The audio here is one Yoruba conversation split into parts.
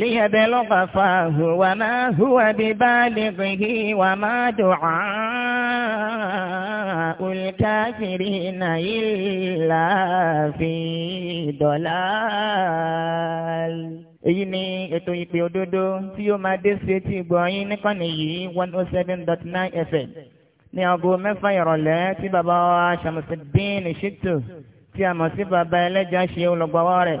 ليبلغ فاه وما هو ببالغه وما دعاء الكافرين إلا في ضلال èyí ni ètò ìpè òdodo tí yóò máa dé sí etí ìgbọ̀nyín níkànnì yìí one oh seven dot nine fm ní aago mẹ́fà ìrọ̀lẹ́ tí bàbá wa Ṣàmùsídín Ṣítù tí a mọ̀ sí bàbá ẹlẹ́jà ṣe olùgbàwọ́ rẹ̀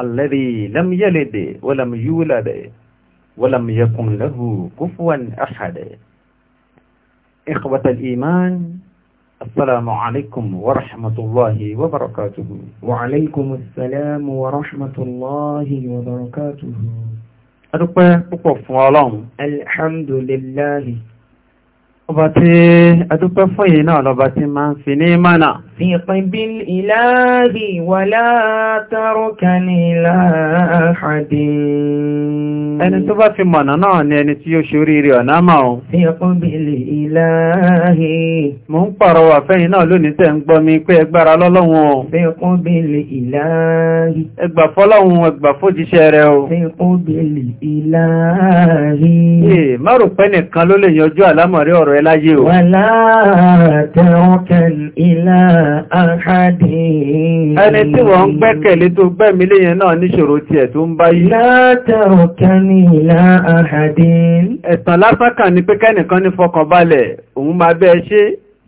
الذي لم يلد ولم يولد ولم يكن له كفوا أحد إخوة الإيمان السلام عليكم ورحمة الله وبركاته وعليكم السلام ورحمة الله وبركاته أدوك بقف الحمد لله Ọba tí adúpẹ́ fún yìí náà lọba tí máa ń fi ní mánà. Fi pẹ̀bí ìlàáhì wà látàrọkà ní ìlàáhàdì ẹni tó bá fi mọ̀nà náà ni ẹni tí ó ṣorí rí ọ̀nà máa ohun mo ń pàrọ̀ wà fẹ́yìn náà lónìí tẹ́ ń gbọ́ mi pé ẹgbára lọ́lọ́run o ẹgbà fọ́lọ́run ẹgbà fójíṣẹ́ rẹ o má rò pé nìkan ló lè yanjú àlámọ̀rí ọ̀rọ̀ ẹ láyé o ẹni tí wọ́n ń gbẹ́kẹ̀lé tó gbẹ́mílé yẹn náà níṣòro tiẹ̀ tó ń báyìí látẹ̀rọ̀kẹ́ ní ìlà àhàdín. ẹ̀tàn lásán ni pé kẹ́nìkan ní fọkànbalẹ̀ òun máa bẹ́ẹ̀ ṣe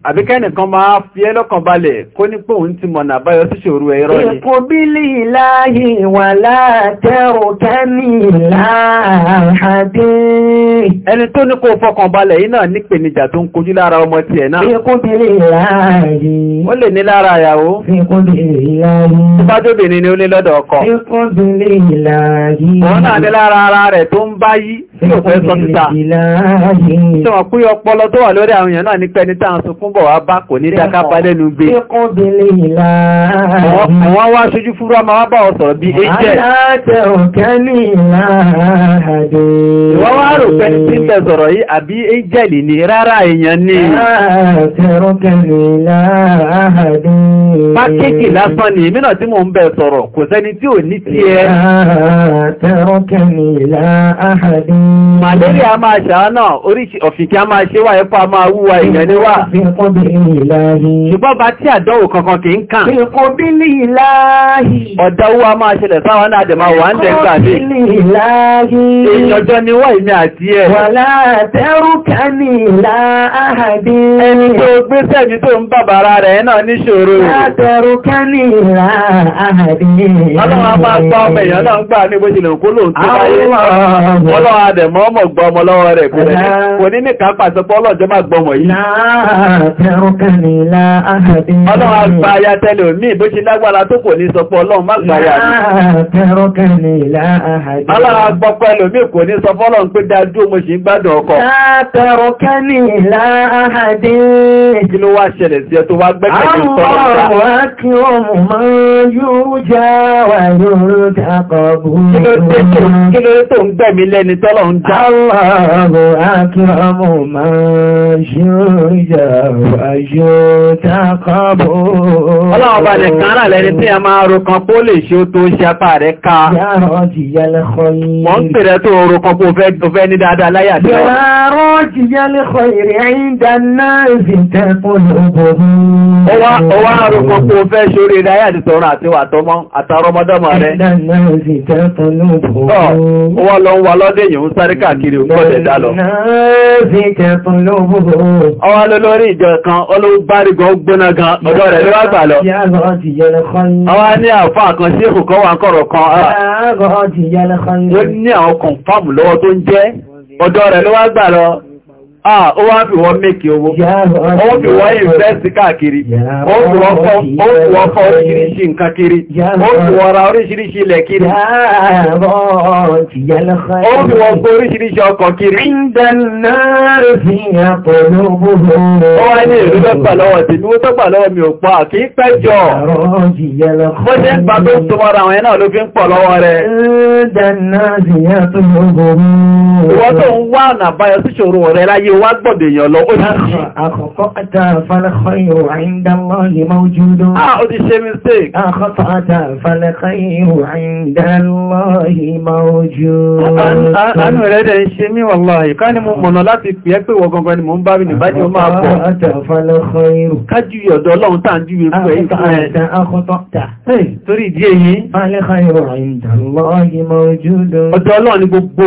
àbí kẹ́nìkan máa fi ẹ́ lọ́kàn balẹ̀ kó ní pé òun ti mọ̀nà àbáyọ sí ṣòro ẹ̀rọ ni. èkó bílí láàyè wà látẹ́rù kẹ́mì láàádé. ẹni tó ní kó fọkàn balẹ̀ yìí náà nípèníjà tó ń kojú lára ọmọ tiẹ̀ náà. èkó bílí láàyè. ó lè ní lára ìyàwó. èkó bílí láàyè. tó bá jóbìnrin ni ó ní lọ́dọ̀ ọkọ. èkó bílí láàyè. òun náà ní lára ara rẹ̀ tó ń bá tí ò fẹ́ sọ ọpọlọ tó wà lórí àwọn èèyàn náà ní pẹ́ni táwọn sunkún bọ̀ wá bá kò ní dákápá lẹ́nu gbé wọ́n wá ṣojú fúrú ọmọ wá bá ọ̀sọ̀ bí ẹjẹ́ wọ́n wá rò pẹ́ni tí ń bẹ̀ sọ̀rọ̀ yìí àbí ẹjẹ́lì ni rárá èèyàn ni pákéèkì lásán ni mínà tí mò ń bẹ̀ sọ̀rọ̀ kò sẹ́ni tí ò ní tiẹ̀ Màlẹ́rì a máa ṣàá náà, oríṣi ọ̀fìnkí a máa ṣe wà ẹ́pọ̀ a máa wúwa ìyẹn níwà. Ṣùgbọ́n bá tí àdánwò kankan kì ń kàn. Ìkọ̀ owó a máa ṣẹlẹ̀ sáwọn náà wà ń dẹ̀gbà dé. ni wọ́n ìmí àti ẹ̀. Ẹni tó tó ń bàbára rẹ̀ náà ní Ọlọ́run a máa ọmọ èèyàn náà ń gbà ní bó ṣe lè kó lóòótọ́ dẹ̀ mọ́ ọmọ gbọ́ ọmọ lọ́wọ́ rẹ̀ kò rẹ̀ kò ní nìkan pàṣẹ pọ́ ọlọ́jọ́ máa gbọ́mọ̀ yìí. ọlọ́run àgbà aya tẹ́lẹ̀ omi bó ṣe lágbára tó kò ní sọ pé ọlọ́run má gbà ya mi. ọlọ́run àgbọ̀ pẹ́lú omi kò ní sọ fọ́lọ́ pé dájú mo ṣì ń gbádùn ọkọ. kí ló wá ṣẹlẹ̀ sí ẹ tó wá gbẹ́kẹ̀lé sọ́lọ́ Kí ló dé tó ń gbẹ̀mí lẹ́ni tọ́lọ̀ tọ́lọ́run dá. Allahu akíramù máa ṣújà àjò takọ́bù. Ọlọ́run lè kàn lẹ́ni tí a máa rokan kó lè ṣe ó tó ṣe apá rẹ̀ ká. Yàrá ti yẹlẹ̀ yìí. Wọ́n ń pèrè tó rokan kó fẹ́ ní dáadáa láyé sáré káàkiri òun kọ́lẹ̀ dá lọ. ọwọ́ lólórí ìjọ kan olówó bárí gan gbóná gan ọ̀dọ́ rẹ̀ ló wá gbà lọ. ọwọ́ ní àfọ́ àkànṣe èkó kan wà kọ̀rọ̀ kan ah. ó ní àwọn kọ̀ǹfàmù lọ́wọ́ tó ń jẹ́ ọ̀dọ́ rẹ̀ ló wá gbà lọ. Ah, ó wá fi wọ́n mékè owó, ó fi wọ́n ìfẹ́sì káàkiri, ó fi wọ́n fọ́ oríṣiríṣi nǹkan kiri, ó fi wọ́n ra oríṣiríṣi ilẹ̀ kiri, ó fi wọ́n gbé oríṣiríṣi ọkọ̀ kiri. Ó wá ní ìlú mẹ́fà lọ́wọ́ tí ní ó tọ́gbà lọ́wọ́ mi ò pa kì í pẹ́ jọ. Bó ṣe ń gbà tó tó mọ́ra àwọn ẹ̀nà ló fi ń pọ̀ lọ́wọ́ rẹ̀. Ìwọ́n tó ń wá ànàbáyọ síṣòro ọ̀rẹ́ láyé wá gbọ̀dẹ̀ èèyàn lọ ó ti ṣí. àkọ́kọ́ àtà àfàlẹ́kọ́ ìhò àìndánlọ́ yìí máa ń júdó. a ah, ó ti ṣe mistake. àkọ́kọ́ àtà àfàlẹ́kọ́ ìhò àìndánlọ́ yìí máa ń júdó. àánú rẹ̀ dẹ̀ ń ṣe mí wàláhì ká ní mo mọ̀nà láti pè é pé wọ gangan ni mò ń bá mi nìbájú ó máa pọ̀. kájú ọ̀dọ̀ ọlọ́run tá à ń júwe fún ẹ̀ torí ìdí èyí. ọ̀dọ̀ ọlọ́run ni gbogbo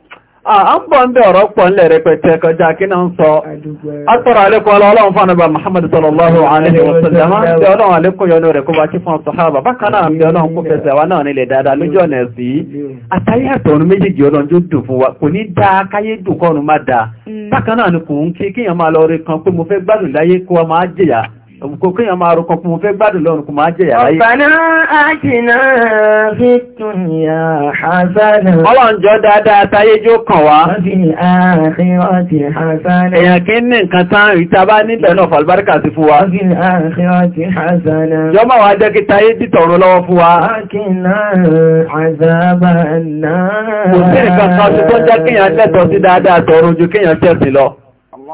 a ń bọ̀ ń bẹ̀ ọ̀rọ̀ pọ̀ ń lẹ̀ rẹpẹtẹ kọjá kí náà ń sọ atọ́rọ̀ alẹ́kọ́ ọlọ́run fún ànàbà Muhammad sallallahu alaihi wasallam bí ọlọ́run alẹ́kọ́ yọnu rẹ̀ kó bá kí fún ọ̀sọ̀hábà bákan náà bí ọlọ́run kó fẹsẹ̀ wa náà nílẹ̀ dáadáa lójú ọ̀nà ẹ̀sí àtàrí àtọ̀run méjèèjì ọlọ́run tó dùn fún wa kò òkùnkùn yàn máa rọ̀kan fún fẹ́ gbádùn lọ́rùn kò máa jẹ́ yàrá yìí. ọ̀bàná àjìnà fi dunya hasana. ọlọ́njọ́ dáadáa táyé jó kàn wá. èèyàn kí ní nǹkan tán rí tábá níbẹ̀ náà fàlùbáríkà sí fún wa. yọ máa wá jẹ́ kí táyé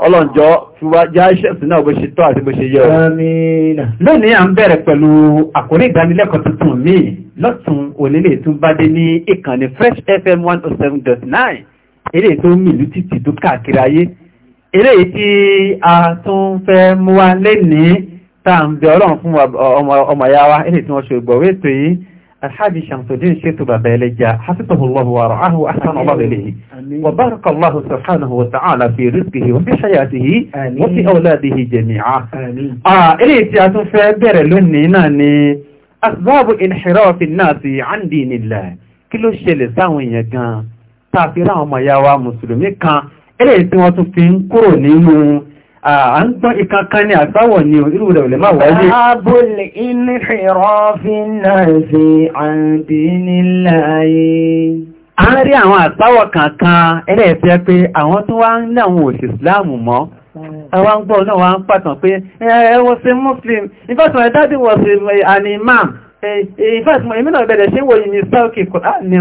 ọlọ́njọ́ fíwá já iṣẹ́ sí náà bó ṣe tọ́ àti bó ṣe yẹ lónìí à ń bẹ̀rẹ̀ pẹ̀lú àkórí ìdánilẹ́kọ̀ọ́ tuntun míì lọ́tún onílé tún bá dé ní ìkànnì fresh fm one oh eré tó mìlú títì tó káàkiri ayé eré tí a tún fẹ́ mú wa lẹ́nìí tá à ń bẹ ọlọ́run fún ọmọ ìyá wa eré tí wọ́n ṣe gbọ̀wé ètò yìí الحاج شمس الدين شيخ حفظه الله ورعاه وأحسن الله إليه وبارك الله سبحانه وتعالى في رزقه وفي حياته وفي أولاده جميعا آه إليه سياسة فابر لنناني أسباب انحراف الناس عن دين الله كل شيء لساوين يكان تافران ما يوا مسلمي كان إليه سياسة فين كروني à ń gbọ́n ìkankan ní àgbáwọ̀ ni irú rẹ̀ olè máa wáyé. Báàbùlì inhirafi nasi an dinillahi. A ń rí àwọn àgbáwọ̀ kankan ẹlẹ́ẹ̀fẹ́ pé àwọn tó wá ń láwọn òsì Ìsìláàmù mọ́. Àwọn ń gbọ́ náà wá ń pàtàn pé ẹ wọ́n ṣe Muslim, ìfẹ́sùn ẹ̀ dádì wọ́n ṣe an imam, ìfẹ́sùn èmi náà bẹ̀rẹ̀ ṣe wòye ní Sáùkì Kùránì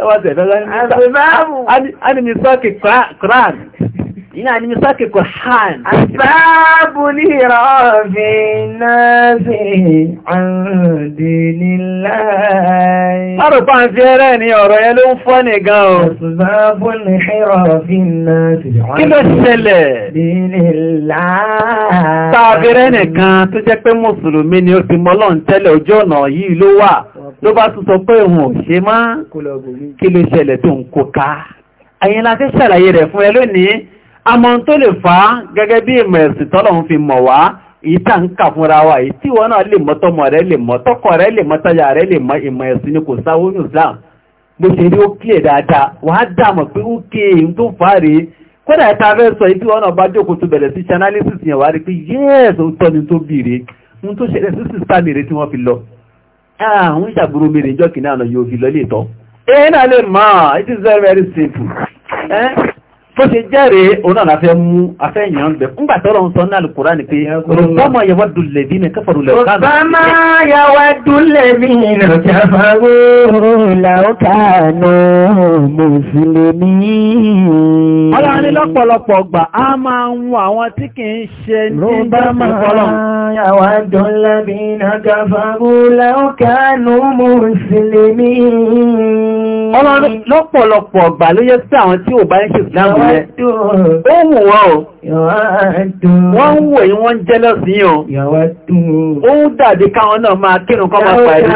Ẹwà tẹ̀lọ́lá ní Sáùkì Kùránì ina ni misaki Qur'an asbabu li rafi nasi an dinillahi aro pa n fere ni ọ̀rọ̀ yẹn ló ń fọ́ ni gan o asbabu li rafi nasi kí ló ṣẹlẹ̀ dinillahi ta fere nìkan tó jẹ́ pé mùsùlùmí ni ó ti mọ́lọ́n tẹ́lẹ̀ ojú ọ̀nà yìí ló wà ló bá tún sọ pé òun ò ṣe má kí ló ṣẹlẹ̀ tó ń kó ká àyìnlá fẹ́ ṣàlàyé rẹ̀ fún ẹ lónìí àmọ́ tó lè fà á gẹ́gẹ́ bí ìmọ̀ ẹ̀sìn tọ́lọ̀hún fi mọ̀ wá ìta ń kà fúnra wa yìí tí náà lè mọ̀ tọmọ rẹ̀ lè mọ̀ tọkọ rẹ̀ lè mọ̀ táyà rẹ̀ lè ìmọ̀ ẹ̀sìn ni kò sáwó ní Islam bó ṣe rí ó kílè dáadáa pé ó ké tó fà á rèé kódà ẹ̀ta fẹ́ sọ ìdí wọn náà bá jókòó tó bẹ̀rẹ̀ sí analysis yes ó ni tó bìrè tó ṣẹlẹ̀ mi rèé tí wọ́n fi lọ ah, àwọn mi rèé jọ́kìnrin àná yóò fi lọ náà lè it is very bó ṣe jẹ́rẹ̀ onáà la fẹ́ mú afẹ́yàn ń bẹ̀ fúngbà tọ́lọ̀ ń sọ náà lùkúrá ní pé rọ̀bọ́mọ̀ yẹwà dùlẹ̀ ní lọ́pọ̀lọpọ̀ ọgbà ọlọ́run. lọ́pọ̀lọpọ̀ ọgbà ló yẹ sí àwọn tí ò bá ń ṣe ìdáhùn yẹn ó wù wọ́n o wọ́n ń wò yí wọ́n jẹ́ lọ́sí o ó ń dàbí káwọn náà máa kírun kọ́ máa pàdé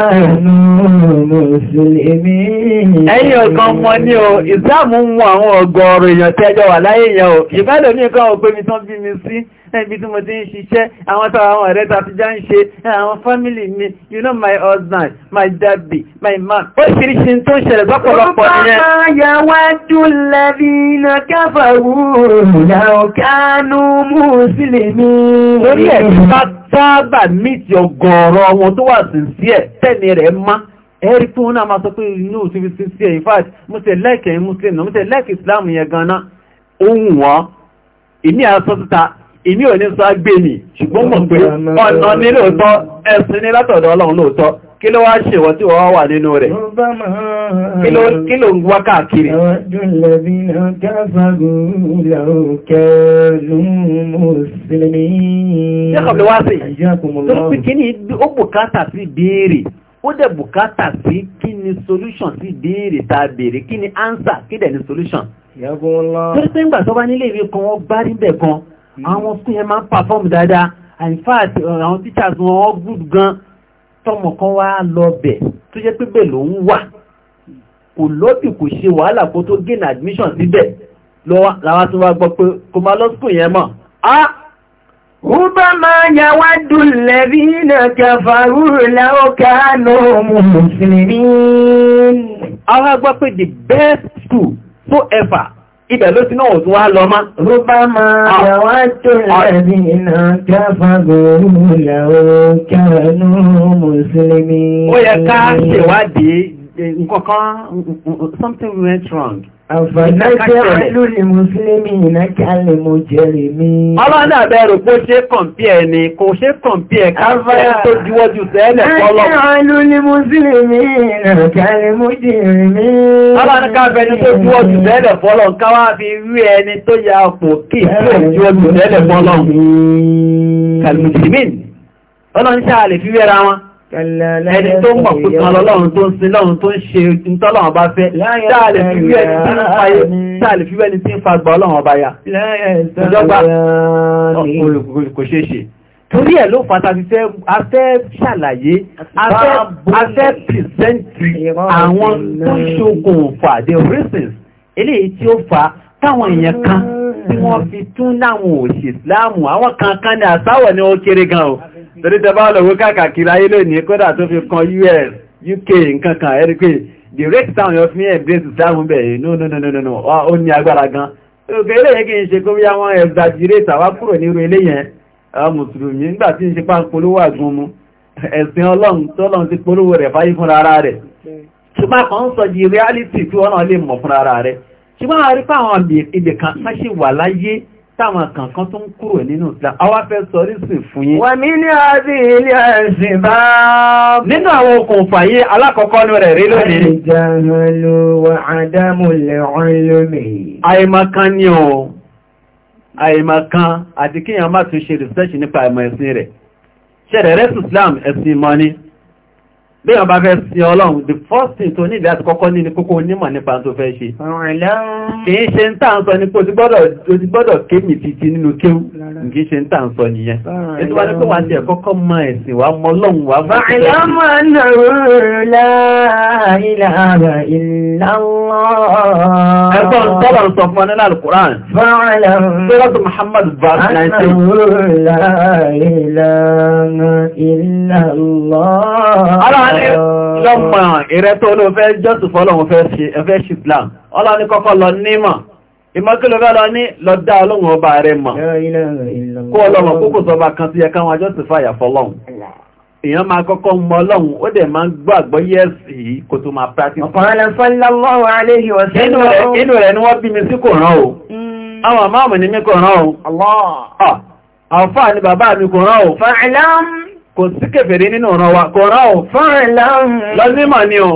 ẹ̀yìn ọ̀kan mọ́ ní o ìsáàmù ń mú àwọn ọgọ́rùn èèyàn tẹ́jọ wà láyé yẹn o ìbẹ́lò ní nǹkan òpé mi tán bí mi sí ẹbí tí mo ti ń ṣiṣẹ́ àwọn tọ́wọ́ àwọn ọ̀rẹ́ tàbí já ń ṣe àwọn fámílì mi you know my husband my daddy my man ó ṣìríṣi tó ń ṣẹlẹ̀ lọ́pọ̀lọpọ̀ nìyẹn. ọmọ yàwá dùn lẹ́bí náà káfàrú làwọn kánú mùsùlùmí. Lórí ẹ̀mí bá sábà mìtì ọgọ́rọ̀ wọn tó wà sí sí ẹ̀ tẹ́ni rẹ̀ má. Ẹ̀rí fún wọn náà máa sọ pé inú tí fi sí ẹ̀ ìfàtí, mo tẹ̀ lẹ́kẹ̀ẹ́ Mùsùlùmí náà, mo tẹ̀ lẹ́kẹ̀ẹ́ Ìsìláàmù yẹn gan-an. Ohun wọn, ìní àsọ síta, ìní ò ní sọ agbé mi, ṣùgbọ́n mọ̀ pé ọ̀nà ní lóòótọ́, ẹ̀sìn ní látọ̀dọ̀ Ọlọ́run lóòótọ́ kí ló wá ṣèwọ́ tí wọ́n wà nínú rẹ̀ kí ló ń wá káàkiri ó dẹ̀ bùkátà sí kí ni solution sí béèrè tá béèrè kí ni answer kí dẹ̀ ni solution torí pé ńgbà tó nílé ìwé kan wọ́n gbá níbẹ̀ kan hmm. àwọn fún yẹn máa ń perform dáadáa in fact àwọn teachers wọn wọ́n gan tọmọ kan wá lọ tó jẹ́ pé ló ń wà kò lọ́bì kò ṣe wàhálà kó tó gain admission síbẹ̀ làwọn tó wá gbọ́ pé kò máa lọ sùkúù yẹn mọ́ Rúbámá yàwádù lẹ́bí náà kẹfàrú láwọ́ káánù mùsùlùmí. Àwọn agbá pé the best school so ever ibẹ̀ ló ti náà òtún wá lọ má. Rúbá máa ah. yàwá tó lẹ́bí ah. iná káfàgòrò lẹ́wọ́ kẹrẹnú mùsùlùmí. Ó yẹ ká ṣèwádìí nǹkan kan something went wrong. Àfàdájẹ́rẹ́lú ni Mùsùlùmí ìnákà lè mú jẹ́rì mí. ni, kò ṣe kọ̀m̀pí ẹ̀ káfẹ́ tó jíwọ́jú tẹ́lẹ̀ pọ́lọ́. Àfàdájẹ́rẹ́lú ni Mùsùlùmí ìnákà lè mú jẹ́rì mí. Ọlọ́dà káfẹ́ ni tó jíwọ́jú tẹ́lẹ̀ fi rí ẹni ẹni tó mọ̀ kó tán lọ́lọ́run tó ń sin lọ́run tó ń ṣe ìtọ́lọ́run bá fẹ́ táàlì fíwẹ́ ni tí ń fagbà ọlọ́run ọba ya ìjọba kò ṣeé ṣe torí ẹ̀ ló fata ti fẹ́ afẹ́ ṣàlàyé afẹ́ pìrìsẹ́ǹtì àwọn tó ṣogun fà the reasons eléyìí tí ó fà táwọn èèyàn kan tí wọ́n fi tún láwọn òṣìṣẹ́ láàmù àwọn kankan ní àsáwọ̀ ni ó kéré gan o torí tẹ bá lọ́wọ́ káàkiri ayé lónìí kódà tó fi kan US UK nkankan ẹ̀rí pé the rate town yọ fi embrace islam bẹ̀ no no no no no ó ní agbára gan òkè eléyẹ kí n ṣe kó bíyá wọn exaggerate àwa kúrò nírú eléyẹn àwọn mùsùlùmí nígbà tí n ṣe pàǹpolówó àgùn mu ẹ̀sìn ọlọ́run tọ́lọ́run ti polówó rẹ̀ fáyé fúnra ara rẹ̀ ṣùgbọ́n kan ń sọ di reality tí wọ́n náà lè mọ̀ fúnra ara rẹ̀ ṣùgbọ́n àrífà àwọn ibìkan sáṣì wà láyé táwọn kankan tó ń kúrò nínú Islam àwa fẹ́ sọ rísìn fún yín wà mí ní àbí ilé ẹ̀sìn bá nínú àwọn okùn fàyé alákọ̀ọ́kọ́ rẹ̀ rí lónìí àìmọ̀kan ni o àìmọ̀kan àti kíyàn má tún ṣe research nípa àìmọ̀ ẹ̀sìn rẹ̀ ṣẹ̀rẹ̀ rẹ́sùn Islam ẹ̀sìn mọ́ ni bí ọba fẹ́ sin ọlọ́run the first thing tó ní ìdí àti kọ́kọ́ ní ni kókó onímọ̀ nípa tó fẹ́ ṣe kìí ṣe ń tà ń sọ ní pé o ti gbọ́dọ̀ kéèmì títí nínú kéwú kìí ṣe ń tà ń sọ nìyẹn ètò wá ní pé wà á ti ẹ̀kọ́kọ́ mọ ẹ̀sìn wà lọ́pọ̀ ọlọ́ni kọ́kọ́ lọ nímọ̀ ìmọ́kílọ́fẹ́ lọ ní lọ dá ọlọ́run ọba rẹ̀ mọ̀ kó ọlọ́run kókò sọba kan tí yẹ káwọn jọ́sù fàyà fọ́lọ́run èèyàn máa kọ́kọ́ mọ ọlọ́run ó dẹ̀ máa gbọ́ àgbọ́yé ẹ̀sìn kò sí kèfèrè nínú ọ̀ràn wa kò rá ò lọ́símọ̀ ni ò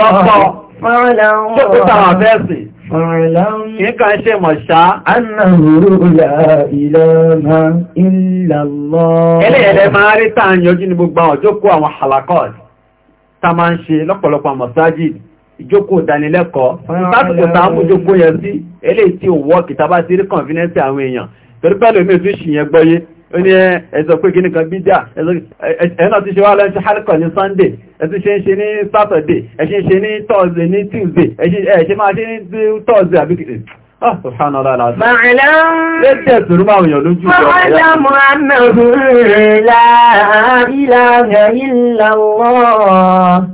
rọ́pọ̀ tó kó tàwọn fẹ́ẹ̀sì Ìkà ṣe mọ̀ṣá. Annahu la ilaha illallah. Ẹlẹ́ẹ̀lẹ́ máa rí tàà yọjú ní gbogbo àwọn jókòó àwọn halakọ́t ta máa ń ṣe lọ́pọ̀lọpọ̀ mọ̀sájìdì ìjókòó ìdánilẹ́kọ̀ọ́. Sásìkò tàà mú jókòó yẹ sí, eléyìí tí ò wọ́ kìtàbá sí rí kọ̀nfínẹ́sì àwọn èèyàn. Torípẹ́lú mi tún ṣìyẹn gbọ́yé ó ní ẹ̀sọ̀ pé kíní kan bídíà ẹ̀nà ti ṣe wá lẹ́nu ti harkọ̀ ní sunday ẹ̀tún ṣe ń ṣe ní saturday ẹ̀ṣin ṣe ní thursday ní tuesday ẹ̀ṣin máa ṣe ní thursday àbíkì Fa'alamu ah, annahu la ilaha illa Allah.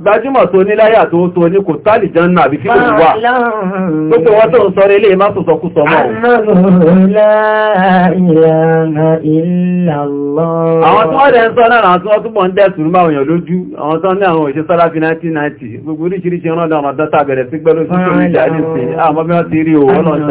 Gbajúmọ̀ tó ní láyà tó tó ní kò tálì jẹ́nà àbí tí kò wà. Gbogbo wọ́n tó ń sọ relé má tó sọkú sọmọ́. ilaha illa Allah. Àwọn tó wọ́n dẹ̀ ń sọ náà àwọn tó wọ́n túnbọ̀ ń dẹ̀ sùúrù máa wọ̀nyàn lójú. Àwọn tó ní àwọn òṣè sọ́lá fi 1990. Gbogbo oríṣiríṣi ọ̀nà ọ̀dọ̀ àmàdọ́ta bẹ̀rẹ̀ sí gbẹ́lóṣ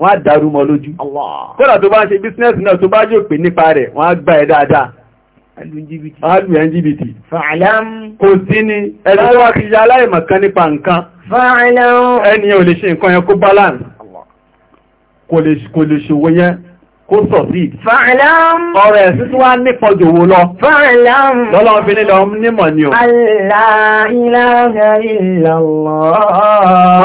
wọ́n á dàrú mọ́ lójú kódà tó bá ń ṣe bísínẹ́sì náà tó bá jò pé nípa rẹ̀ wọ́n á gbà ẹ́ dáadáa alu jìbìtì kò sí ni ẹni tó wá ti ya aláìmọ̀kan nípa nǹkan ẹni yẹn ò lè ṣe nǹkan yẹn kó balance kò lè ṣòwò yẹn kó sọ̀ sí. Fa'alam. Ọ̀rọ̀ ẹ̀sìn tí wá nípa jòwó lọ. Fa'alam. Lọ́lọ́ fi ní lọ nímọ̀ ni o. La ilaha illallah.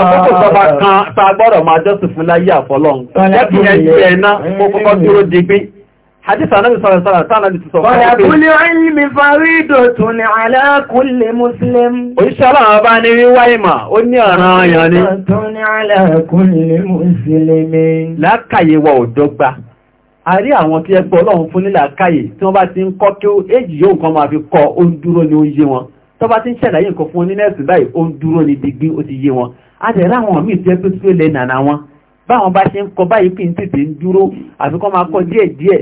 Àkókò sọba kan ta gbọ́dọ̀ máa jọ́sìn fún láyé àfọlọ́n. Jẹ́kì yẹn ju ẹ̀ná mo kọ́kọ́ dúró digbí. Hadith Anabi sọ̀rọ̀ sọ̀rọ̀ sáà náà ti sọ. Wa kullu ilmi faridatun ala kulli muslim. Oníṣẹ́ aláwọ̀ bá ní wíwá ìmọ̀, ó ní ọ̀ràn ọ̀yàn ni. Faridatun ala kulli muslimin. Lákàyè wa ò dọ́gba a rí àwọn tí ẹgbẹ́ ọlọ́run fún nílà káyè tí wọ́n bá ti ń kọ́ kí ó èjì yóò kan máa fi kọ́ ó ń dúró ní ó yé wọn tó bá ti ń ṣẹ̀láyé nǹkan fún onínẹ́sì báyìí ó ń dúró ní digbí ó ti yé wọn a dẹ̀ ráwọn míì tí ẹ pé sí ó lẹ nànà wọn báwọn bá ṣe ń kọ báyìí pín títí ń dúró àfikọ́ máa kọ díẹ̀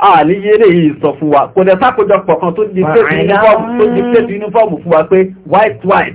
a ní yéré yìí sọ fún wa kò dẹ̀ sákòjọpọ̀ kan tó di plate uniform fún wa pé white wine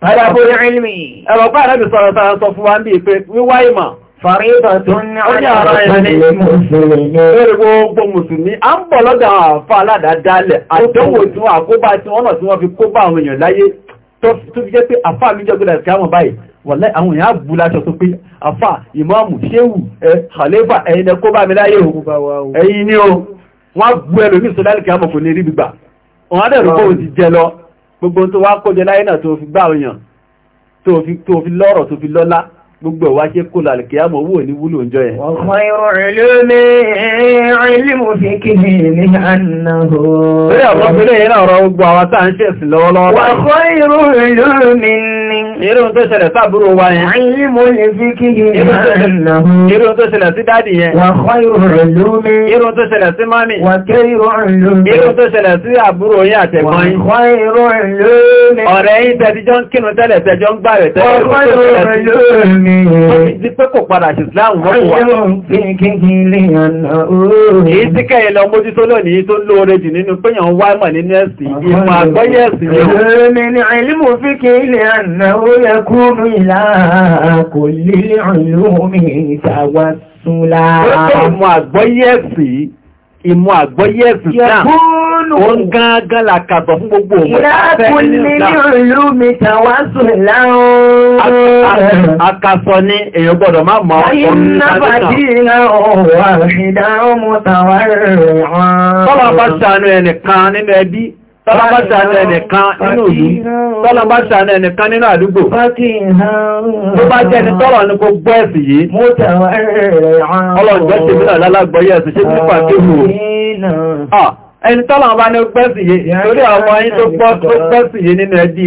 Tàbí ilmi. Ẹ̀rọ pé àrẹ́bì sọ̀rọ̀ tàà sọ fún wa ń bí pé wíwá ìmọ̀. Fàrídà tó ní ọjọ́ ara ẹni. Bẹ́rẹ̀ gbogbo Mùsùlùmí, a ń bọ̀ lọ́dọ̀ àwọn àfà aládàádálẹ̀, àtẹ́wò tí wọ́n àkóbá tí wọ́n náà tí wọ́n fi kóbá àwọn èèyàn láyé tó fi jẹ́ pé àfà mi jẹ́ gbọ́dọ̀ sí àwọn báyìí wọ̀lẹ́ àwọn èèyàn bú láṣọ tó pé àfà ìmáàmù ṣéwù ẹ khalifa ẹ̀yin ẹ bá mi láyé o ẹ̀yin ni o wọ́n bú ẹlòmí sọ lálẹ́kẹ̀ẹ́ àmọ̀kò ní rí gbígbà gbogbo tó wá kójẹ láyé náà tó fi gbá òyàn tó fi lọ́rọ̀ tó fi lọ́lá gbogbo ọ̀wá ṣe kó lálẹ̀ kí á mọ̀ owó ní wúlò ìjọ ẹ̀. ọ̀pọ̀ ìrọ̀lẹ́ ìlú fi kí irú tó ṣẹlẹ̀ sáàbúrò wa yẹn irú tó ṣẹlẹ̀ sí dádì yẹn irú tó ṣẹlẹ̀ sí mami irú tó ṣẹlẹ̀ sí àbúrò yẹn àtẹ̀gbọ́n yìí ọ̀rẹ́ yìí tẹ́jọ́ ń kínú tẹ́lẹ̀ tẹ́jọ́ ń gbàrẹ̀ tẹ́lẹ̀ Ìmọ̀ àgbọ́yẹ̀ sí ni ó. Òmìnir ìlú fi kí ilẹ̀ àná ó yakunu ila kulli ulumi tawassula. Ó tẹ̀ mú àgbọ́yé ẹ̀sìn ìmọ̀ àgbọ́yé ẹ̀sùn náà òun gángan làkàtọ̀ fún gbogbo òun ìlàkùn nínú ìlú mi tàwà sùn láàrùn àkàsọ ni èyàn gbọ́dọ̀ má mọ̀ ọ̀rọ̀ ìdájọ́ náà Tọ́lọ́bá ṣàánú ẹnìkan nínú ìlú, tọ́lọ́bá ṣàánú ẹnìkan nínú àdúgbò. Tó bá jẹ́ ni tọ́lọ̀ ní gbogbo ẹ̀sì yìí. Ọlọ́jọ́ ṣe mílọ̀ lálágbọ́yẹ̀ ẹ̀sì ṣe nípa kéhù. Ẹni tọ́lọ̀ bá ní gbẹ́sì yìí, torí àwọn ayín tó gbẹ́sì yìí nínú ẹbí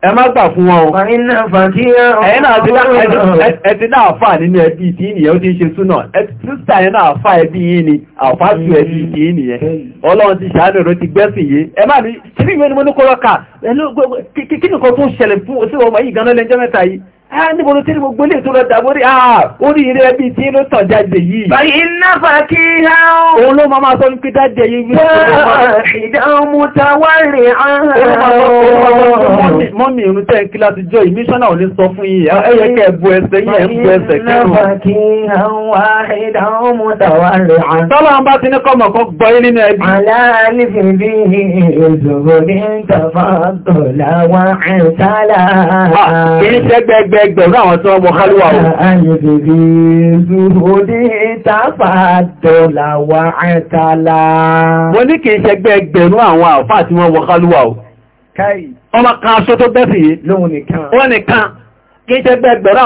ẹ má gbà fún wọn o ẹ̀yìn náà fà nínú ẹbí tí ìnìyàn ó ti ṣe súnà ẹ̀tìtà yẹn náà fà ẹbí yìí ni àfáàsù mm. ẹbí tí ìnìyàn ọlọ́run ti ṣàánú ẹ̀rọ ti gbẹ́sìn yé ẹ má rí ṣíbí ìwé ni mo ní kó rọ́kà kí nìkan tó ṣẹlẹ̀ fún òṣèwọ̀n yìí ganan lẹ́jọ́ mẹ́ta yìí a ah, níbo ló tẹ́lẹ̀ gbogbo ilé tó lọ dàgbórí àà ah, orí ilé ẹbí tí ló tàn jáde yìí. báyìí iná fàkí ha ó. òun ló máa sọ pé dájẹ yìí bí ó lọ máa. ìdánwò ta wá rè án. mọ́mí irun tẹ́ ń kí láti jọ yìí mísọ́nà ò ní sọ fún yìí ẹ̀yẹ kẹ́ ẹ̀ bu ẹsẹ̀ yìí ẹgbẹ̀rún àwọn tí wọ́n mọ kálíwà o. Ayébèrè lórí tábàdọ́là wà ẹ́tàlá. Wọ́n ní kìí ṣẹgbẹ́ ẹgbẹ̀rún àwọn àfáà tí wọ́n mọ kálíwà o. Wọ́n máa kan aṣọ tó bẹ́sì yìí. Lóhun nìkan. Wọ́n nìkan kìí ṣe gbẹgbẹ̀rẹ̀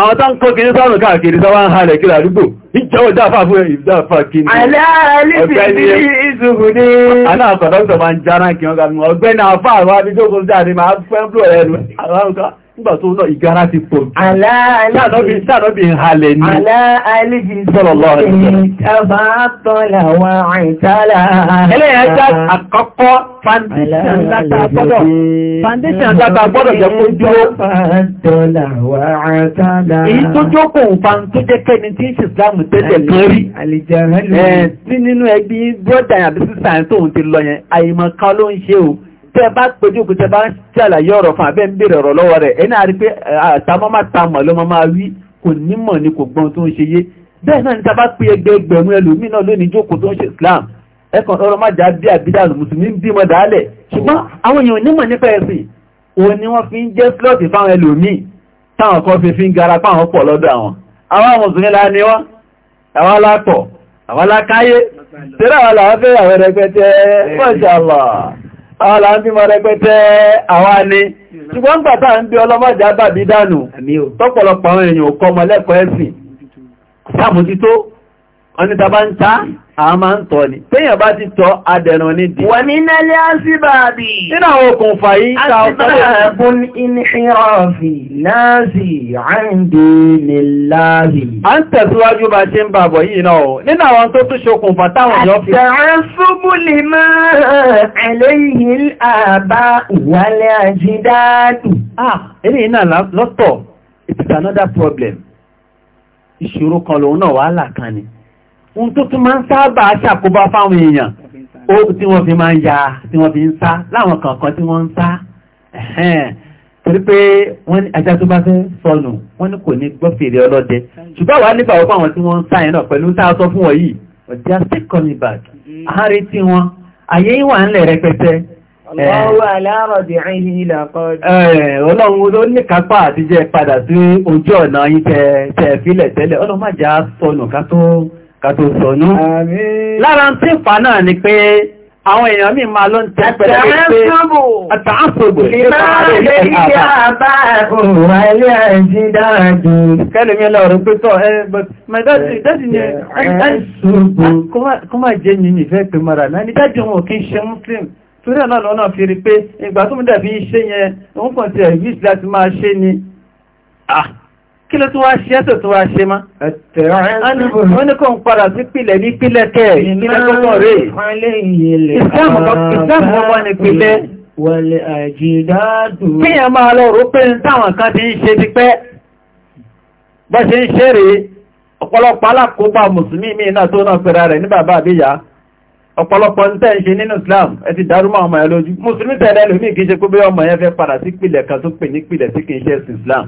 àwọn tó ń kó kìí sọ́rùn káàkiri sọ wá ń halẹ̀ kí làdúgbò ìjọwọ́ dáfà fún ìdáfà kìí ọ̀gbẹ́ni ìzùgbùdí aláàkọ̀dọ́gbọ̀ máa ń jára kí wọ́n gbẹ̀rẹ̀ àfáà wá bí jókòó jáde máa fẹ́ nígbà tó náà ìgara ti pọ̀ sáàdọ́bì ń halẹ̀ ní sọ́lọ̀lọ́ ẹlẹ́yàjá àkọ́kọ́ foundation dáta gbọ́dọ̀ jẹ́ kó dúró èyí tó jókòó nǹkan jẹ́ kẹ́ni tí ń tó ń ti lọ yẹn àìmọ̀ká ló ń tẹ́ bá pẹ̀jú pé tẹ́ bá ń ṣàlàyé ọ̀rọ̀ fún abẹ́ ń bèèrè ọ̀rọ̀ lọ́wọ́ rẹ̀ ẹni àrí pé àtàmọ́má ló máa wí kò nímọ̀ ni kò gbọ́n tó ń ṣe yé bẹ́ẹ̀ náà ni tá bá pé ẹgbẹ́ ẹgbẹ̀rún ẹlòmíì náà lónìí jókòó tó ń ṣe Islam ẹkàn ọ̀rọ̀ má jà bí àbídà mùsùlùmí ń bímọ dálẹ̀ ṣùgbọ́n àwọn èèyàn nímọ̀ nípa ẹ̀sìn òun ni wọ́n fi ń jẹ́ slọ́ọ̀tì fáwọn ẹlòmíì táwọn kan fi fi ń gara páwọn pọ̀ lọ́dọ̀ àwọn àwọn mùsùlùmí la ni wọ́n àwọn alápọ̀ àwọn alákáyé àwọn là ń bímọ rẹpẹtẹ àwa ni ṣùgbọ́n ń gbàtà ń bí ọlọ́mọdé àbàbí dànù tọ́pọ̀lọpọ̀ àwọn èèyàn kọ́ ọmọ lẹ́kọ̀ọ́ ẹ̀sìn ń ta a máa ń tọ́ ni téèyàn bá ti tọ́ adẹ̀ràn ní dì wọ́n ní nẹ́lẹ́ àṣìbàbì nínú àwọn okùnfà yìí ta ọ̀tọ́lẹ̀ ààbùn inhirafi láàzì àìndè níláàzì a ń tẹ̀síwájú bá ṣe ń bàbọ̀ yìí náà nínú àwọn tó tún ṣokùnfà táwọn yọ fi àtàrẹ́sùbùlì máa ẹlẹ́yìn àbá ìwálẹ̀ àjídáàdù ah eléyìí náà lọ́tọ̀ it's another problem ìṣòro kan lòun náà wàhálà kan ni ohun tó tún máa ń sábà ṣàkóbá fáwọn èèyàn ó tí wọ́n fi máa ń ya tí wọ́n fi ń sá láwọn kankan tí wọ́n ń sá torí pé wọ́n ní ajá tó bá fẹ́ sọnù wọ́n ní kò ní gbọ́ fèrè ọlọ́dẹ Ọlọ́run ló ní kápá àtijẹ́ padà sí ojú ọ̀nà yín tẹ́ẹ̀fílẹ̀ tẹ́lẹ̀ ọlọ́run má jà sọnù ká tó kàtò sọ̀nú. Lára ń tí fà náà ni pé àwọn èèyàn mi máa ló ń tẹ́ pẹ̀lẹ̀ pé àtàásògbò kẹ́lùmí lọ́rọ̀ pé tọ́ ẹ but dájì ni ah, kó máa jẹ́ yìí nìfẹ́ pé mara náà ni dájì wọn kí ń ṣe muslim torí ọ̀nà lọ́nà fi rí pé ìgbà tó mú dàbí iṣẹ́ yẹn òun kàn ti ẹ̀ kí ló tún wá ṣe ẹ́sẹ̀ tó wá ṣe má? wọ́n ní kò ń padà sí pìlẹ̀ ní pìlẹ̀ kẹ́ ìpìlẹ̀ kọ́kọ́ rẹ̀ ìsáàmù ọmọ ní pìlẹ̀ wọlé àjídádù kíyàn ọ̀pọ̀lọpọ̀ alákòóbá mùsùlùmí mi tó náà pẹ̀rẹ̀ rẹ̀ ní bàbá àbíyá ọ̀pọ̀lọpọ̀ ń tẹ́ nínú Islam ẹ ti dárú máa ọmọ ẹ lójú mùsùlùmí tẹ̀lẹ́ lómi kìí ṣe pé ọmọ yẹn fẹ́ padà sí pìlẹ̀ kan tó pè ní pìlẹ̀ tí kìí ṣe Islam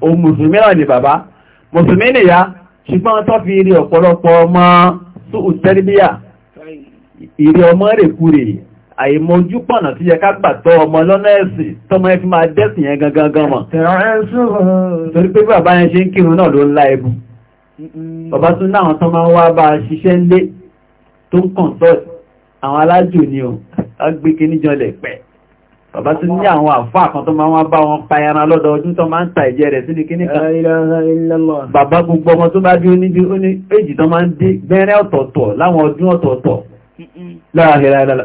òun mùsùlùmí náà ni bàbá mùsùlùmí nìyá ṣùgbọ́n tó fi rí ọ̀pọ̀lọpọ̀ ọmọ sóò tẹ́lẹ̀bíyà ìrí ọmọ rẹ̀ kúrè àìmọ̀júpọ̀nà tí yẹ ká gbà tọ́ ọmọ lọ́nà ẹ̀sìn tọ́mọ ẹ fi máa dẹ́sìn yẹn gangan gan mọ̀ torí pé bàbá yẹn ṣe ń kírun náà ló ń lá ẹbù bàbá tún náà tán máa ń wá bá ṣiṣẹ́ lé tó ń kàn tọ́ àwọn alájò ni ó agbékiníjọ lẹ̀ pẹ̀ẹ́ Bàbá tún ní àwọn àfáà kan tó máa wá bá wọn pa ẹran lọ́dọ̀ ọdún tó máa ń ta ẹ̀jẹ̀ rẹ̀ sínú kíní kan. Bàbá gbogbo ọmọ tó bá bí oníbi ó èjì tó máa ń dé gbẹ́rẹ́ ọ̀tọ̀ọ̀tọ̀ láwọn ọdún ọ̀tọ̀ọ̀tọ̀. Láàrínláàrínlá.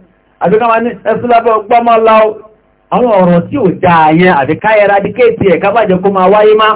àbíkáwà ní ẹ̀sùlábọ̀ gbọ́mọ́ láwọ́ àwọn ọ̀rọ̀ tí ò dáa yẹn àbíkáyẹra díkéètì ẹ̀ kábàjẹ́ kó máa wáyé máa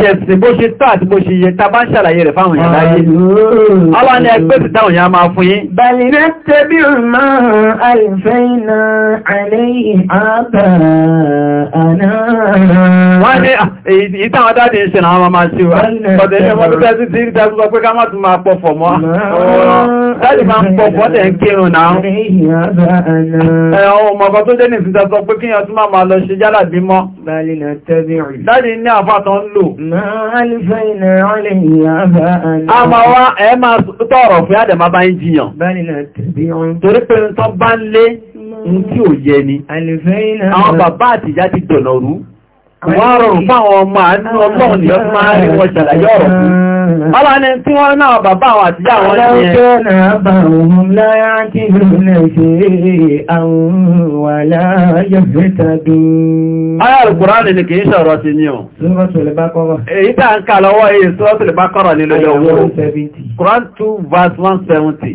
ṣẹ̀sìn bó ṣe tó àti bó ṣe yẹ tá ṣàlàyé rẹ̀ fáwọn èèyàn láyé ọlá ni ẹgbẹ́ ti táwọn èèyàn máa fún yín bàlìrẹ́ ah, tẹ́bí ọmọ àìfẹ́ìnà àlẹ́yìn àbà Láti máa ń pọ̀ bọ́tẹ̀ ń kírun náà. Ẹ̀họ́ ọmọkọ tó jẹ́ nìsí sọ pé kí yàn tún máa máa lọ ṣe jálà bí mọ́. Láti ní àfàtàn ń lò. A máa wá ẹ máa tọ̀rọ̀ fún àdẹ̀má bá ń jiyàn. Torí pé tán bá ń lé ní tí ò yẹ ni. Àwọn bàbá àtìjá ti dọ̀nà rú wọ́n rọrùn fáwọn ọmọ àánú ọlọ́run ni ọdún máa rí wọn ṣàlàyé ọ̀rọ̀ fún. ọlá ni tí wọ́n náà bàbá àwọn àtijọ́ àwọn ní ẹ̀. ọlọ́run náà bá òun láyá kí ló lè ṣe àwọn wà láyé fẹ́ta dùn. ayé Al-Qur'an ni kì í ṣọ̀rọ̀ sí ni o. Suratul Baqara. èyí tá à ń kà lọ́wọ́ yìí Suratul Baqara ni lọ́jọ́ owó. Quran two verse one seventy.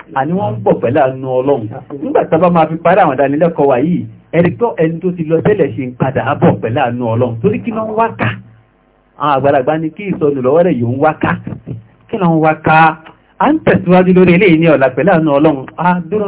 àní wọ́n ń pọ̀ pẹ̀lú àánú ọlọ́run nígbà tá a bá máa fi parí àwọn ìdánilẹ́kọ̀ọ́ wa yìí ẹni tó ẹni tó ti lọ tẹ́lẹ̀ ṣe ń padà á bọ̀ pẹ̀lú àánú ọlọ́run torí kí ló ń wá ká àwọn àgbàlagbà ní kí ìsọnù lọ́wọ́ rẹ̀ yóò ń wá ká kí ló ń wá ká à ń tẹ̀síwájú lórí eléyìí ní ọ̀la pẹ̀lú àánú ọlọ́run á dúró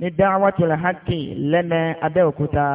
ní dáwàtúlẹ̀ hákì lẹ́mẹ̀ abẹ́òkúta.